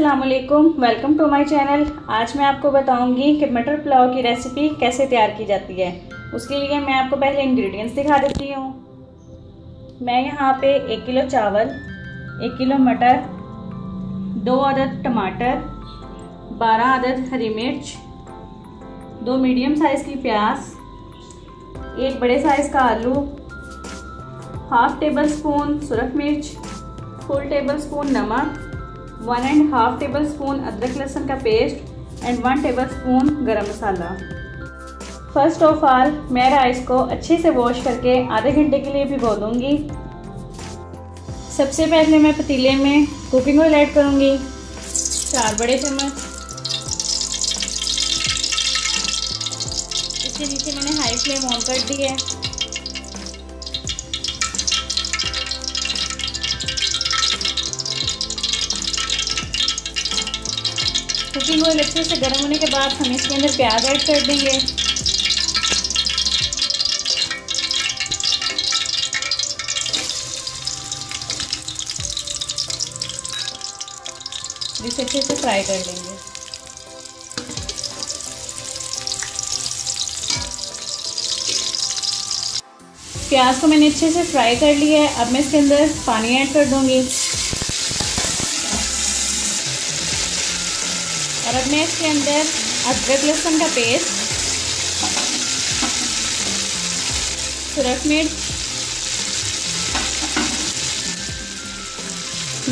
असलकुम welcome to my channel आज मैं आपको बताऊंगी कि मटर पुलाव की रेसिपी कैसे तैयार की जाती है उसके लिए मैं आपको पहले इंग्रेडिएंट्स दिखा देती हूँ मैं यहाँ पे एक किलो चावल एक किलो मटर दो अदद टमाटर बारह अदद हरी मिर्च दो मीडियम साइज़ की प्याज एक बड़े साइज़ का आलू हाफ टेबल स्पून सुरख मिर्च फुल टेबल स्पून नमक one and half tablespoon अदरक लहसुन का paste and one tablespoon गर्म मसाला फर्स्ट ऑफ ऑल मैं राइस को अच्छे से वॉश करके आधे घंटे के लिए भिगो दूँगी सबसे पहले मैं पतीले में कुकिंग ऑयल ऐड करूँगी चार बड़े चम्मच इसके नीचे मैंने हाई फ्लेम ऑन कर दी है कुकिंग ऑयल अच्छे से गर्म होने के बाद हम इसके अंदर प्याज ऐड कर देंगे जिसे अच्छे से फ्राई कर लेंगे प्याज को मैंने अच्छे से फ्राई कर लिया है अब मैं इसके अंदर पानी ऐड कर दूंगी और अब मैं इसके अंदर अदरक लहसुन का पेस्ट सुरख मिर्च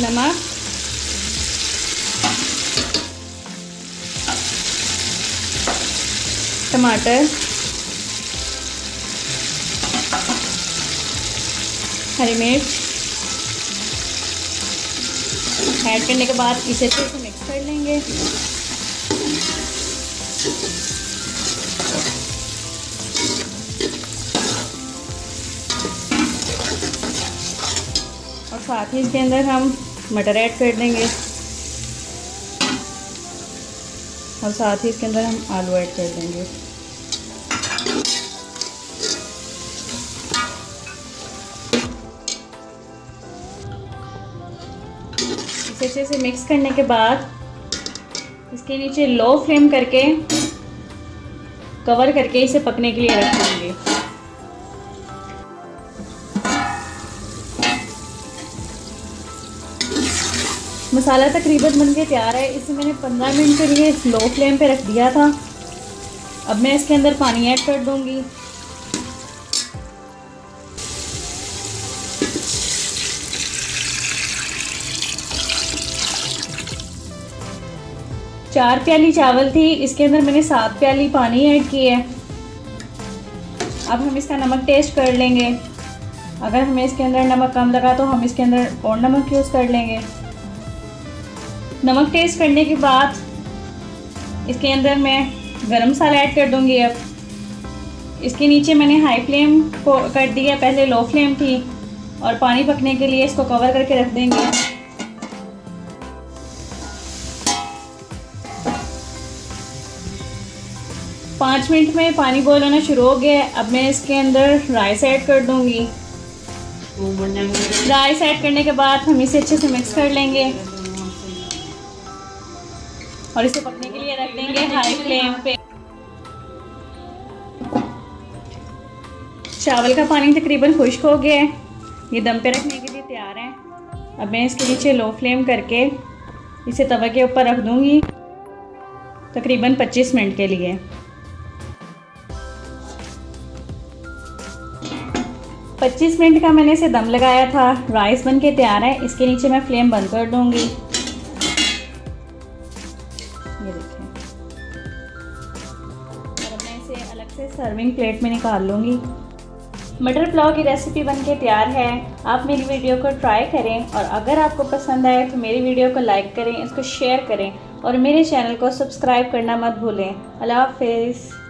नमक टमाटर हरी मिर्च ऐड करने के बाद इसे अच्छे से मिक्स कर लेंगे साथ ही इसके अंदर हम मटर ऐड कर देंगे और साथ ही इसके अंदर हम आलू ऐड कर देंगे इसे अच्छे से मिक्स करने के बाद इसके नीचे लो फ्लेम करके कवर करके इसे पकने के लिए रख देंगे मसाला तकरीबन बन के तैयार है इसे मैंने 15 मिनट के लिए स्लो फ्लेम पे रख दिया था अब मैं इसके अंदर पानी ऐड कर दूंगी चार प्याली चावल थी इसके अंदर मैंने सात प्याली पानी ऐड की है अब हम इसका नमक टेस्ट कर लेंगे अगर हमें इसके अंदर नमक कम लगा तो हम इसके अंदर और नमक यूज़ कर लेंगे नमक टेस्ट करने के बाद इसके अंदर मैं गरम मसाला ऐड कर दूंगी अब इसके नीचे मैंने हाई फ्लेम को कर दिया पहले लो फ्लेम थी और पानी पकने के लिए इसको कवर करके रख देंगे पाँच मिनट में पानी बॉयल होना शुरू हो गया अब मैं इसके अंदर राइस ऐड कर दूंगी राइस ऐड करने के बाद हम इसे अच्छे से मिक्स कर लेंगे और इसे पकने के लिए रख देंगे हाई फ्लेम पे चावल का पानी तकरीबन खुश्क हो गया है ये दम पे रखने के लिए तैयार है अब मैं इसके नीचे लो फ्लेम करके इसे तवे के ऊपर रख दूंगी तकरीबन 25 मिनट के लिए पच्चीस मिनट का मैंने इसे दम लगाया था राइस बन के तैयार है इसके नीचे मैं फ्लेम बंद कर दूंगी ये देखें और मैं इसे अलग से सर्विंग प्लेट में निकाल लूँगी मटर पुलाव की रेसिपी बनके तैयार है आप मेरी वीडियो को ट्राई करें और अगर आपको पसंद आए तो मेरी वीडियो को लाइक करें इसको शेयर करें और मेरे चैनल को सब्सक्राइब करना मत भूलें अल्लाह हाफिज़